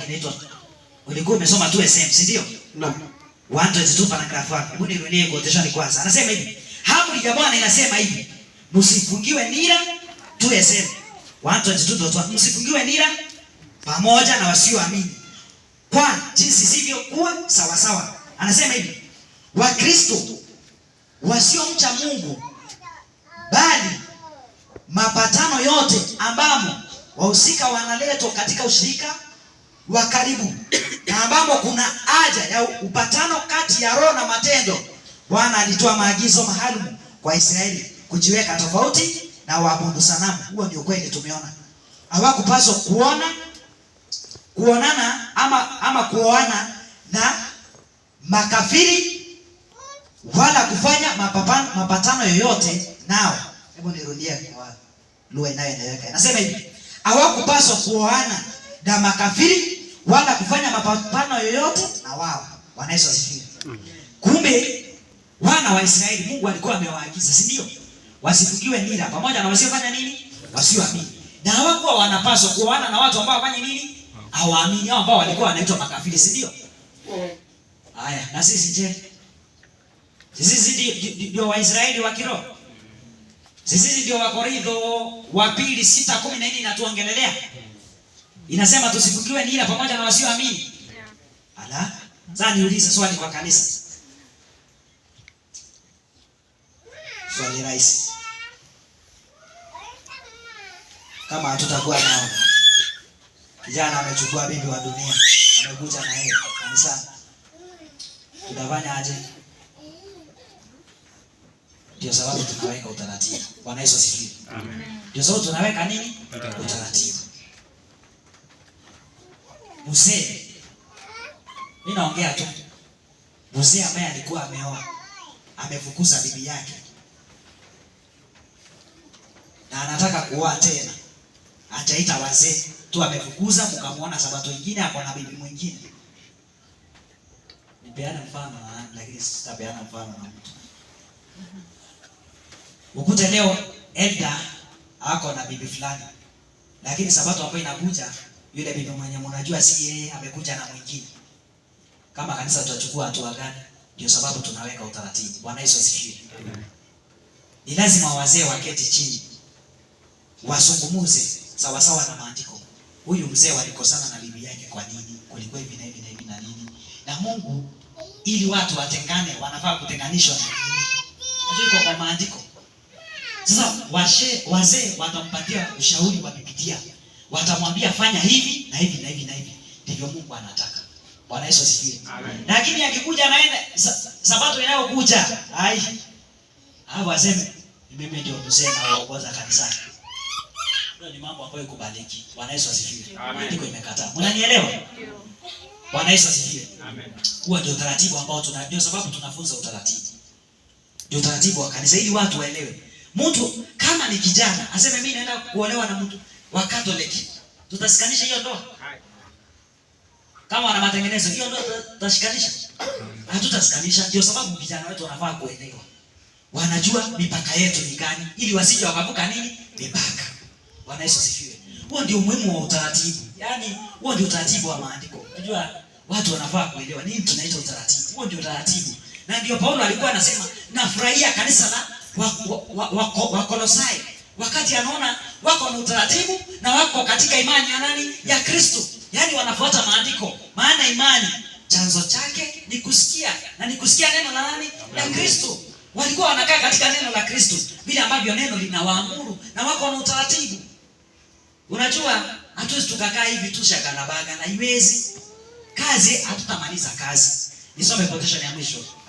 Kinaitwa ulikuwa umesoma tu SM, si ndio? Naam. 122 paragraph wake. Hebu nirudie ni kwanza. Anasema hivi. Amri ya Bwana inasema hivi. Msifungiwe nira tu SM. 122.1 Msifungiwe nira pamoja na wasioamini. Kwa jinsi sivyo kuwa sawa sawa. Anasema hivi. Wakristo wasiomcha Mungu bali mapatano yote ambamo wahusika wanaletwa katika ushirika wa karibu na ambamo kuna haja ya upatano kati ya roho na matendo. Bwana alitoa maagizo maalum kwa Israeli kujiweka tofauti na waabudu sanamu. Huo ndio kweli tumeona hawakupaswa kuona kuonana ama, ama kuoana na makafiri wala kufanya mapapano, mapatano yoyote nao. Hebu nirudie kwa lugha inayoeleweka, inasema hivi: hawakupaswa kuoana na makafiri wala kufanya mapambano yoyote na wao. Bwana Yesu asifiwe. Kumbe wana wa Israeli Mungu alikuwa amewaagiza, si ndio? Wasifungiwe nira pamoja na wasiofanya nini? Wasioamini. Na hawakuwa wanapaswa kuoana na watu ambao wafanye nini? Hawaamini, hao ambao walikuwa wanaitwa makafiri, si ndio? Haya, na sisi je? Sisi ndio Waisraeli wa kiroho? Sisi ndio Wakorintho wa pili 6:14 inatuongelelea. Inasema tusifukiwe nira pamoja na wasioamini. Ala, sasa niulize swali kwa kanisa. Swali rahisi. Kama hatutakuwa nao. Kijana amechukua bibi wa dunia, amekuja na yeye kanisa Tutafanya aje? Ndio sababu tunaweka utaratibu. Bwana Yesu asifiwe. Amen. Ndio sababu tunaweka nini? Utaratibu mzee, mimi naongea tu, mzee ambaye alikuwa ameoa amefukuza bibi yake na anataka kuoa tena, Ataita wazee tu, amefukuza mkamwona Sabato nyingine ako na bibi mwingine. Nipeana mfano, lakini sitapeana mfano na mtu. Ukute leo elda ako na bibi fulani, lakini Sabato ambayo inakuja yule bibi mwenye mnajua si yeye, amekuja na mwingine. Kama kanisa tutachukua hatua gani? Ndio sababu tunaweka utaratibu. Bwana Yesu asifiwe. Ni lazima wazee waketi chini wasungumuze sawa sawa na maandiko. Huyu mzee walikosana na bibi yake kwa nini? Kulikuwa hivi na hivi na hivi na nini? Na Mungu ili watu watengane, wanafaa kutenganishwa na nini? Ndio kwa maandiko. Sasa wazee watampatia ushauri wa Biblia watamwambia fanya hivi na hivi na hivi na hivi, ndivyo Mungu anataka. Bwana Yesu asifiwe. Lakini akikuja anaenda sabato inayokuja, ai hapo aseme mimi ndio mzee na waongoza kanisa. Ndio ni mambo ambayo kubaliki. Bwana Yesu asifiwe. Ndiko imekataa. Unanielewa? Bwana Yesu asifiwe. Amen. Huo ndio utaratibu ambao tuna, ndio sababu tunafunza utaratibu. Ndio utaratibu wa kanisa ili watu waelewe. Mtu kama ni kijana aseme mimi naenda kuolewa na mtu wa Catholic tutashikanisha hiyo ndoa kama wana matengenezo hiyo ndoa tutashikanisha? Hatutashikanisha. Ndio sababu vijana wetu wanafaa kuelewa, wanajua mipaka yetu ni gani, ili wasije wakavuka nini mipaka. Bwana Yesu asifiwe. Huo ndio umuhimu wa utaratibu, yaani huo ndio utaratibu wa maandiko. Unajua watu wanafaa kuelewa nini tunaita utaratibu. Huo ndio utaratibu, na ndio Paulo alikuwa anasema nafurahia kanisa la wa, wa, wa, wa, wa, wa Kolosai wakati anaona wako na utaratibu na wako katika imani ya nani? Ya Kristo, yaani wanafuata maandiko. Maana imani chanzo chake ni kusikia, na ni kusikia neno la nani? La Kristo. Walikuwa wanakaa katika neno la Kristo vile ambavyo neno linawaamuru na wako na utaratibu. Unajua, hatuwezi tukakaa hivi tu na iwezi kazi, hatutamaliza kazi. Nisome quotation ya mwisho.